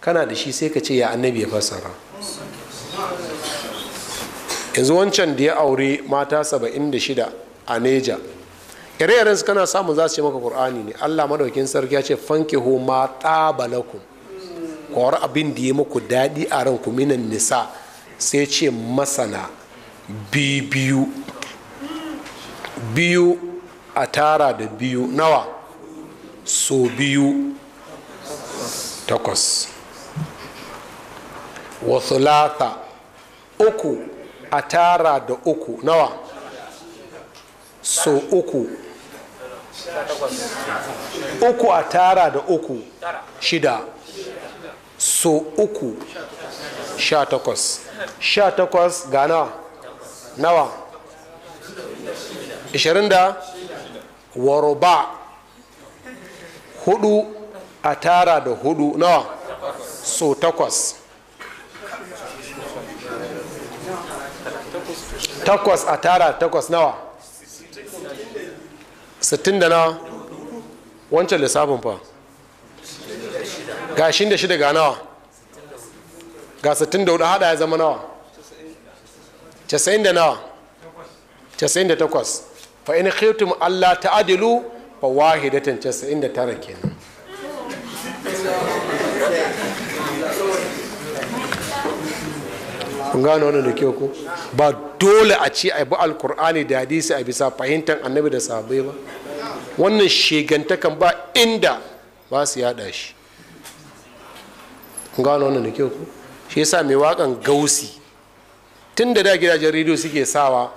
kana da shi sai ka ce ya annabi ya fassara yanzu wancan da ya aure mata saba'in da shida a neja ire-iren su kana samun za su ce maka kur'ani ne allah madaukin sarki ya ce fanke ho ma tabalakum kawar abin da ya muku daɗi a ran kuminan nisa sai ce masana biyu biyu a tara da biyu nawa so biyu takwas wa thulatha uku a tara da uku nawa so uku uku a tara da uku shida so uku sha takwas sha takwas ga nawa nawa ishirin da waruba hudu a tara da hudu nawa so takwas takwas a tara takwas nawa sittin da nawa wancan lissafin fa ga da shida ga nawa ga sittin da hudu hada ya zama nawa casa'in da nawa casa'in da takwas fa in khiftum allah ta'adilu fa wahidatan casa'in da tara kenan kun gano wannan da kyau ko ba dole a ci a bi alkur'ani da hadisi a bisa fahimtar annabi da sahabbai ba wannan kan ba inda ba su yada shi kun gano wannan da kyau ko shi yasa mai wakan gausi tun da da gidajen rediyo suke sawa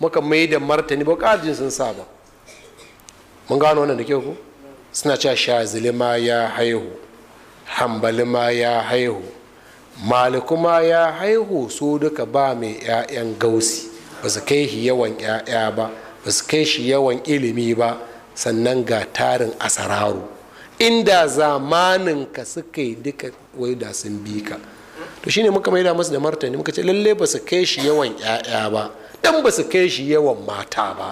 muka mai da martani ba ƙarjin sun sa ba mun gano wannan da kyau ko suna cewa shazilima ya haihu hambalima ya haihu mali kuma ya haihu su duka ba mai 'ya'yan gausi ba su kai shi yawan 'ya'ya ba ba su kai shi yawan ilimi ba sannan ga tarin asararu inda zamaninka suka yi duka wai da sun bi ka to shine muka maida masu da martani muka ce lalle ba su kai shi yawan 'ya'ya ba dan ba su kai shi yawan mata ba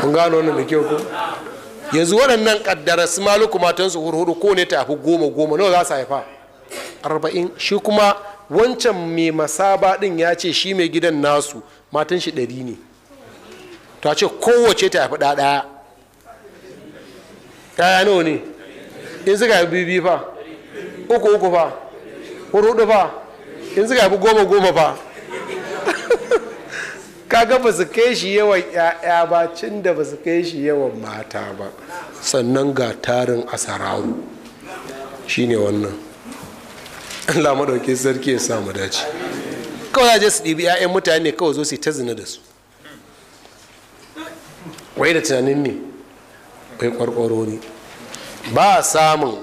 kun gano wannan da kyau ko yanzu waɗannan kaddara su maluku matansu hurhuru ko ne ta haifi goma goma nawa za su haifa arba'in shi kuma wancan mai masaba ɗin ya ce shi mai gidan nasu matan shi ɗari ne ta ce kowace ta haifi ɗaya ɗaya nawa ne in suka haifi bibi fa uku uku fa hurhuru fa in suka haifi goma goma fa kaga ba su kai shi yawan 'ya'ya ba cin da ba su kai shi yawan mata ba sannan ga tarin Shi ne wannan Allah madauki sarki ya samu dace kawai je su ɗibi 'ya'yan mutane kawai zo su ta zina da su wai da tunanin ne bai kwarkwaro ne ba samun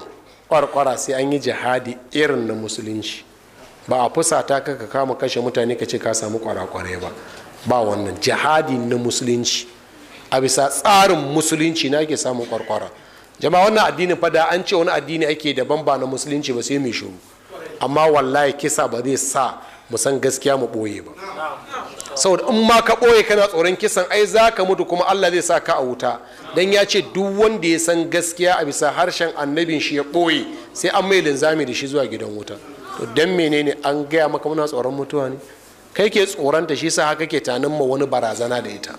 kwarkwara sai an yi jihadi irin na musulunci ba a fusata ka kama kashe mutane ka ce ka samu kwarakware ba ba wannan jihadi na musulunci a bisa tsarin musulunci na ke samun kwarkwara jama'a wannan addinin fada an ce wani addini ake daban ba na musulunci ba sai mai shuru amma wallahi kisa ba zai sa mu san gaskiya mu boye ba saboda in ma ka boye kana tsoron kisan ai za ka mutu kuma allah zai sa ka a wuta don ya ce duk wanda ya san gaskiya a bisa harshen annabin shi ya boye sai an mai linzami da shi zuwa gidan wuta to don menene an gaya maka muna tsoron mutuwa ne kai ke tsoronta shi sa haka ke tanin ma wani barazana da ita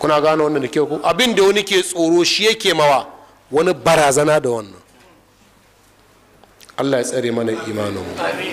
kuna gano wannan da ke ku abin da wani ke tsoro shi yake mawa wani barazana da wannan allah ya tsare mana imanin mu